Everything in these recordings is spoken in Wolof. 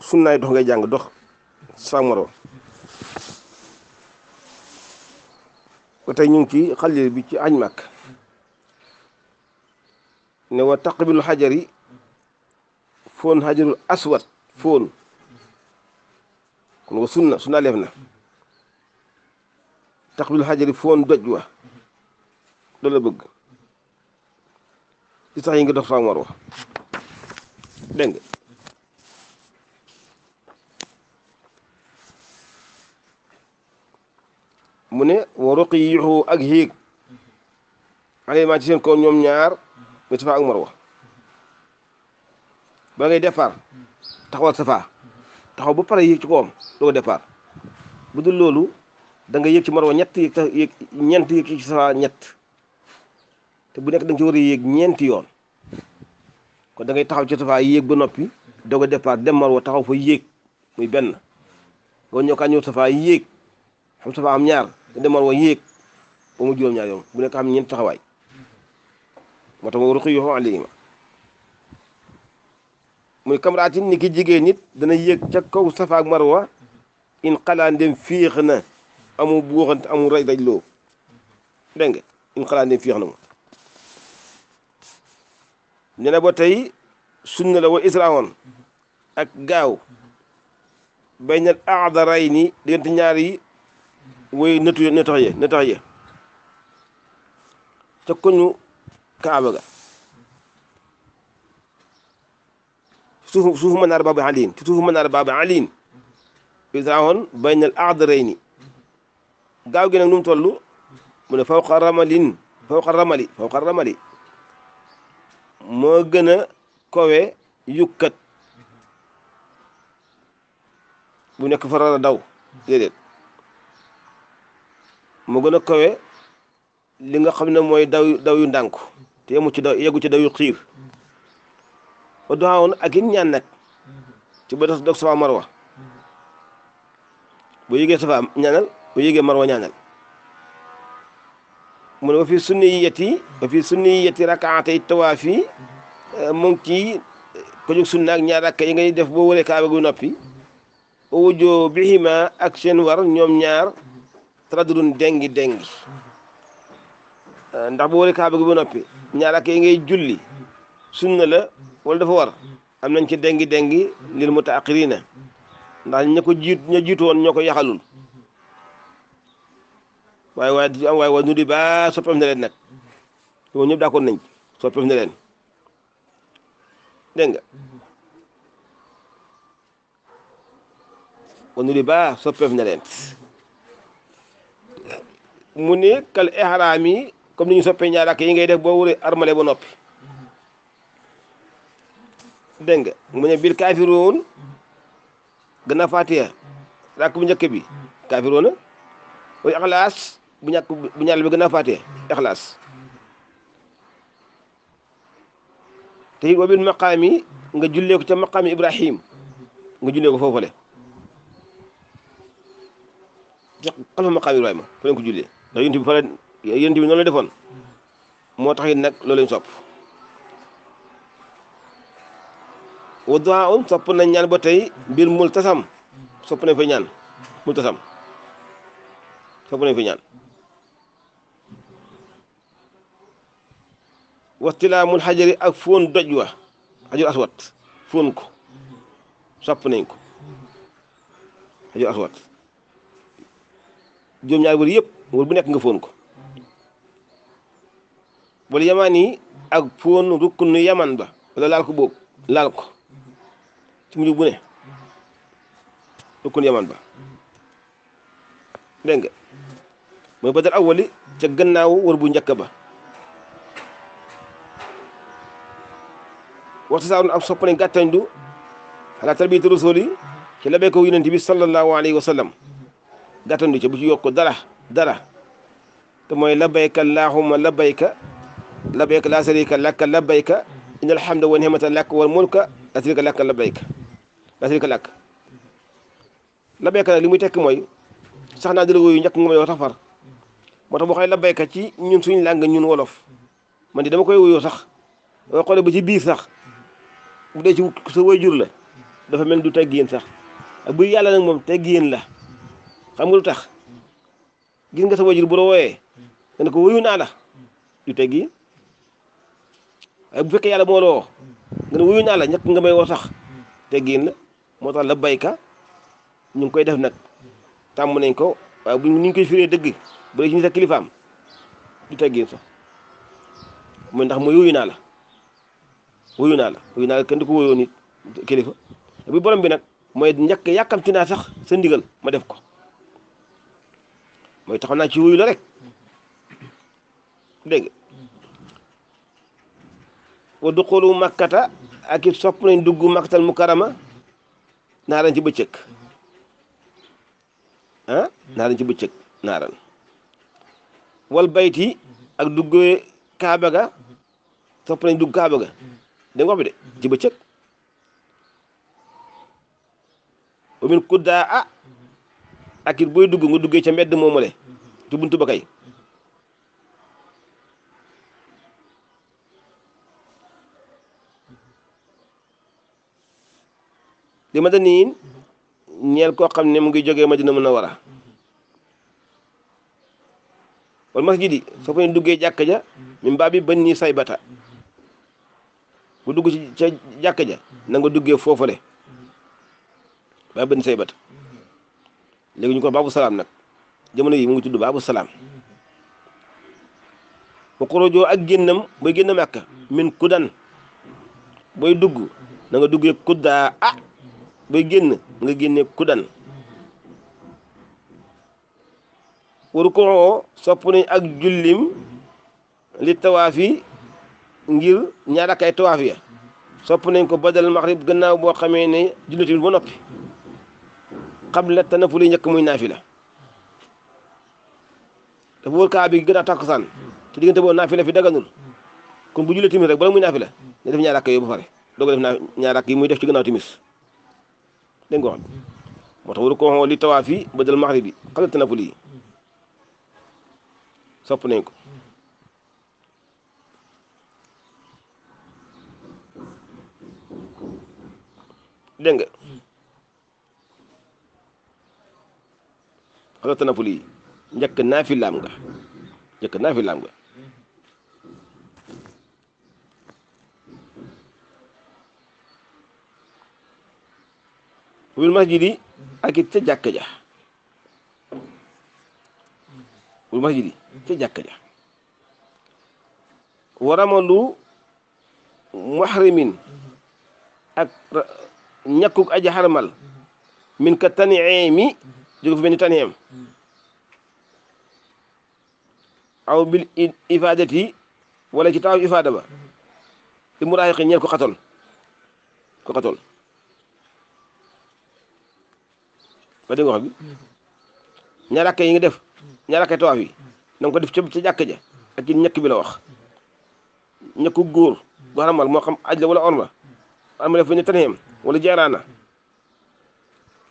sunnaay dox ngay jàng dox sa moroom ba tey ñu ngi ci xalil bi ci añ màkk ne wa taqbilu xajar yi foon xajarul aswat foon kon wa sunna sunna leef na taqbilu xajar xajari foon doj wa loolu la bëgg ci sax yi nga dox sa moroom dégg nga mune ne wa ruqiihu ak hiig aleymaa ci sen ko ñom ñaar muy safa ak marwa ba ngay defar. taxawal safa taxaw bu pare yek ci koom do defar bu dul lolu da nga yek ci marwa ñet yek ñent yek ci safa ñet te bu nek da nga wara yek ñent yoon ko da ngay taxaw ci safa yek bu nopi do a defar dem marwa taxaw fa yek muy ben nga ñoka ñu safa yek xam safa am ñaar demal wa yek bu mu jom ñaar yoon bu nek am ñen taxaway motam tax ma ruqi muy kamratin ni ki jige nit dana yek ca kaw safa ak marwa in qala ndem fiix amu amul buuxante amul raj raj loo dégg in qala ndem fiix na ne ba tay sunna la wa israhon ak gaaw baynal a'dharaini ni ñaar yi way nettu nettoyé nettoyé ta koñu kaaba ga suuf suufu manaar baabu aliin ci suufu manaar baabu aliin israhon bayna al aadrayni gaaw gi nag nu mu toll fawqa ramalin fawqa ramali fawqa ramali moo gën kowe yukkat bu nekk farara daw déedéet mu gën a kawe li nga xam ne mooy daw daw yu ndànk te yemu ci daw ci daw yu xiir ba ak in ñaan nag ci ba dog safa marwa bu yégee safa ñaanal bu yégee marwa ñaanal mu ne fi sunniyati wa fi sunniyati rakaatay tawaaf yi mu ngi ci ko jóg sunna ak ñaar rakka yi ngay def boo wëree kaaba gu noppi wujjoo bihima ak seen war ñoom ñaar taraddudun dengi dengi eh, ndax boo wëree kaaba gi ba noppi ñaar ak yi ngay julli sunna la wala dafa war am nañ ci dengi dengi lil mutaaqirina ndax ña ko jiit ña jiitu woon ñoo ko yaxalul waaye waaye du am waaye waaye nu di ba soppeef na leen nag loolu ñëpp d'accord nañ soppeef na leen dégg nga wa nu di ba soppeef na leen mu ni kal ihraam yi ni soppee ñaari yi ngay def boo wuri armale ba noppi dégg nga mu ne bil kaafiroon gën a fatiha rakk bu njëkk bi kaafiroona wala ixlaas bu ñàkk bu bi gën a fatiha ixlaas te it wabil maqaam nga jullee ko ca maqaam Ibrahim nga jullee ko foofale ca xalfa maqaam Ibrahima fa leen ko jullee ndax yonent bi bi noonu la defoon moo tax it nag loolu lañ sopp wa duwaa sopp nañ ñaan ba tey mbir mul tasam sopp nañ fa ñaan mul tasam sopp nañ fa ñaan wastilaamul xajari ak fóon doj wa xajur aswat fóon ko sopp nañ ko xajur aswat juróom-ñaari wër yëpp wër bu nekk nga fóon ko wala yamaan yi ak fóon rukkun nu yaman ba wala laal ko boobu laal ko ci mujj bu ne rukkun yaman ba dégg nga mooy badal awali ca gannaawu wër bu njëkk ba waxtu saarun ak soppane gàttañ du xalaa tarbiyatu rasuli ci labee ko yonent bi sallallahu alayhi wa sallam gàttandu ca bu ci ko dara dara te mooy labayka allahumma labayka labayka laa sharika laka labayka inna alhamda wa nihmata laka wal mulka laa sharika laka labayka laa sharika laka labayka nag li muy tekk mooy sax naa dërëgo yu njëkk nga may wax tafar moo tax boo ñun suñu làng ñun wolof man dama koy wuyoo sax dama xoolee ba ci biir sax bu dee ci sa waajur la dafa mel du teggin sax ak bu yàlla nag moom teggin la xam nga lu tax gis nga sa wajur bu la wooyee nga ne ko wuyu naa la du teggi waaye bu fekkee yàlla moo la nga ne wuyu naa nga may woo sax teggiin la moo tax la bayka ñu ngi koy def nag tàmm nañ ko waaye bu ñu koy firee dëgg bu dee ci sa kilifaam du teggiin sax mooy ndax mooy wuyu naa la wuyu naa la wuyu naa la kenn du ko wuyoo kilifa bu borom bi nag mooy njëkk yàkkamti naa sax sa ndigal ma def ko mooy taxaw naa ci wuyu la rek dégg nga wa duxulu makkata ak it sopp nañ dugg makkatal mukarama naaran ci bëccëg ah naaran wal bayti ak duggee kaaba ga sopp nañ dugg kaaba ga dégg nga wax bi de ci bëccëg wa min kuddaa akir boy dugg nga duggé ci mbéd momalé du buntu ba kay di ma niin ñeel ko xam ne mu ngi jógee Madina wara wal masjid gidi so ko ne ja min baa bi ban ni saybata bu dugg ci jakka ja na nga duggé fofalé ba ban saybata léegi ñu ko babu salam nak jamono yi mu ngi babu salam ko ko rojo ak gennam genn makka min kudan booy dugg na nga duggee kuddaa ah booy genn nga genné kudan waru sopuni ak julim li tawafi ngir ñaara kay tawafi ya. sopuni ko badal maghrib gannaaw bo xamé ne julli bu qabla tanaful yi njëkk muy naafila dafa wër kaa bi gën a takkusaan te diggante boobu naafila fi daganul kon bu jullee timis rek bala muy naafila ne def ñaar rakk yooyu ba pare doog def ñaar rakk yi muy def ci gannaaw timis dégg wax moo tax waru ko waxoon li tawaaf ba dal maxrib bi qabla tanaful yi sopp nañ xala tanaful yi njëkk naafilaam nga njëkk naafilaam nga wul masjid ak it ca jàkk ja wul masjid ca jàkk ja waramalu muhrimin ak ñakkuk aji xarmal min ka taniee mi jóge fu mel ni taniyam aw bil ifaadati wala ci taaw ifaada ba li mu raay ñeel ko xatol ko xatol ba dégg bi ñaarakke yi nga def ñaarakke tawaaf yi na nga ko def ca ca jàkk ja ak ci ñëkk bi la wax ñekk góor gu xaramal moo xam aj la wala orma am na fu ñu taniyam wala jaaraana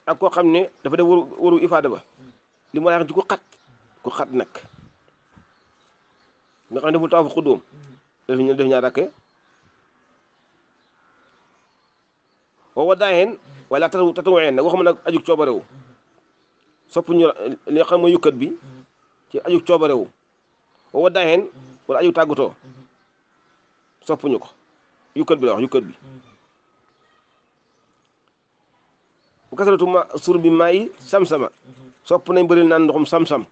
ak koo xam ne dafa def waru waru ifaada ba li ma la wax ci ku xat nag nga xam ne deful tawaf xudóom def ñu def ñaar rakke wa wadaayen wala tata tatawayen nag waxuma nag ajug coobarewu sopp ñu li xam mooy yukkat bi ci ajug coobarewu wa wadaayen wala ajug tàggatoo sopp ñu ko yukkat bi la yukkat bi bu kasaratu ma sur bi may sam-sama sopp nañ bëri nan ndoxum sam-sam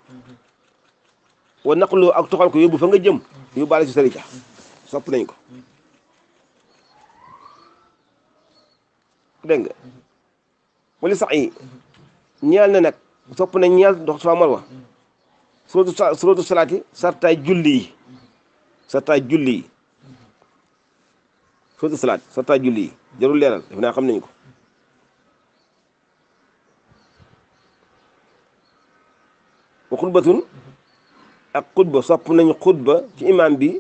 wa naqlu ak toxal ko yóbbu fa nga jëm yóbbaale ci sarita sopp nañ ko dégg wali sa'i yi na nak sopp nañ ñeel ndox soo mar wa suratu salati salaati sartaay julli yi julli yi suratu salaat julli jarul leeral def xam nañ ko wa xutbatun ak xutba sopp nañu xutba ci imam bi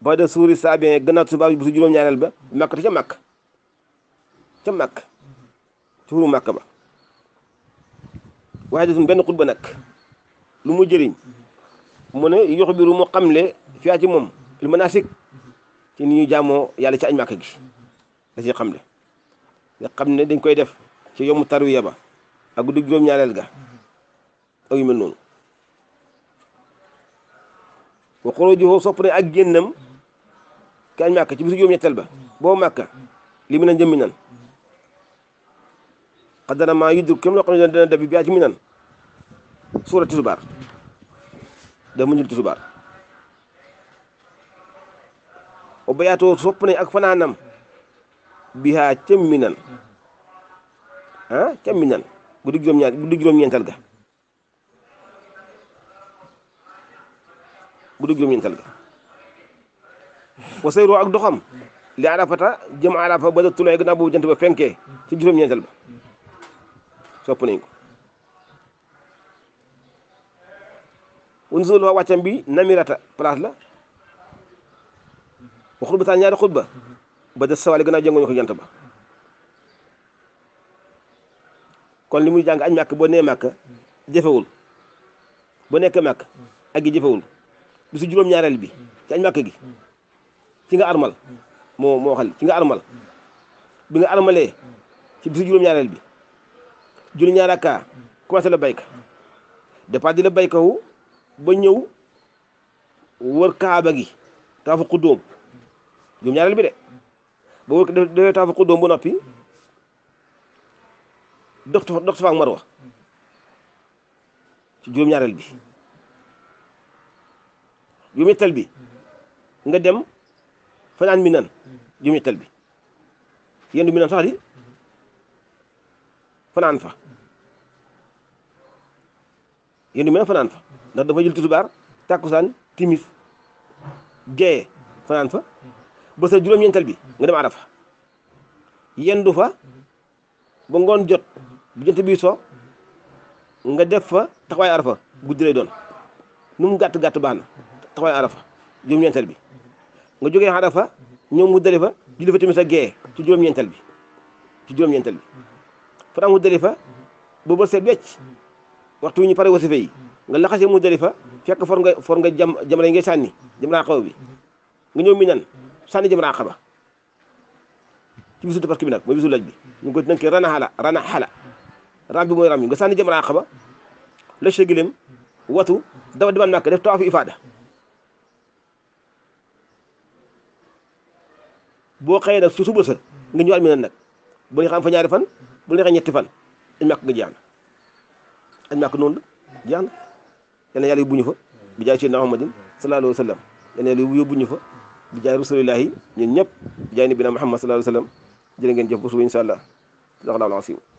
ba da suuri saabien gannaaw subaa bi su juróom-ñaareel ba màkk te ca màkk ca màkk ci xuru màkk ba waaye desuñ benn xutba nag lu mu jëriñ mu ne yox biru mu xamle fiyaa ci moom li manasik ci ni ñu jaamoo yàlla ci añ màkk gi da ci xamle nga xam ne dañ koy def ci yomu tarwiya ba ak guddi juróom-ñaareel ga ak yu mel noonu wa xurujuhu sopp ne ak génnam kañ màkk ci bisu juróom-ñetteel ba boo màkk li mu nan jëm mi nan xadara maa yudrik kémm loo xam ne dana dabi biyaa ci mi nan suura tisubaar da mu tisubaar o bayaatoo sopp ne ak fanaanam biyaa ca mi nan ah ca mi nan guddi juróom ñeental ga bu dugg juróom-ñeental ga wa sayru ak doxam li arafata jëm arafa ba da tunaay gannaaw boobu jant ba fenkee ci juróom-ñeental ba sopp nañ ko unzul wa bi namirata place la wa xutba taan ñaari xutba ba da sawaale gannaaw jëngoñu ko jant ba kon li muy jàng añ màkk boo nee màkk jëfewul bu nekk màkk ak gi jëfewul bisu juróom-ñaareel bi ci añ gi ci nga armal mo mo xal ci nga armal bi nga armalee ci bisu juróom-ñaareel bi juróom kuasa aka baik, la bayka di la baykawu ba ñëw wër kaaba gi taafu xuddoom juróom-ñaareel bi de ba wër defee taafu xuddoom ba noppi dox dox safaak marwa ci bi ju mettal bi nga dem fanaan mi nan ju mettal bi yendu mi nan sax di fanaan fa yendu mi nan fa ndax dafa jël tusubaar tàkkusaan timis gee fanaan fa ba sa juróom-ñeental bi nga dem arafa yendu fa ba ngoon jot bu jënt bi so nga def fa taxawaay arafa guddi lay doon nu gàtt gàtt baax na taxawaay arafa juróom-ñeenteel bi nga jógee arafa ñëw Muzdalifa julli fa tamit sa gee ci juróom-ñeenteel bi ci juróom-ñeenteel bi fara Muzdalifa booba seet wecc waxtu ñu pare wasifa yi nga laxasee Muzdalifa fekk for nga for nga jam jamra yi ngay sànni jamra xaw bi nga ñëw Minan sànni jamra xaba ci bisu tabaski bi nag mooy bisu laaj bi ñu ko tënkee rana xala rana xala ram bi mooy ram bi nga sànni jamra xaba la sa gileem watu dafa demaan màkk def tawaafu ifaada boo xëyee nag su suba sa nga ñëwaat mi nag bu neexee am fa ñaari fan bu neexee ñetti fan añ màkk nga jaan añ màkk noonu la jaan yal na yàlla yóbbu ñu fa bi jaay Seydina Muhammadin sallallahu alayhi wa sallam yal na yàlla yóbbu ñu fa bi jaay rasulillahi ñun ñëpp bi jaay nabina Muhammad sallallahu alayhi wa sallam jërë ngeen jëf ba suba incha allah dax laa la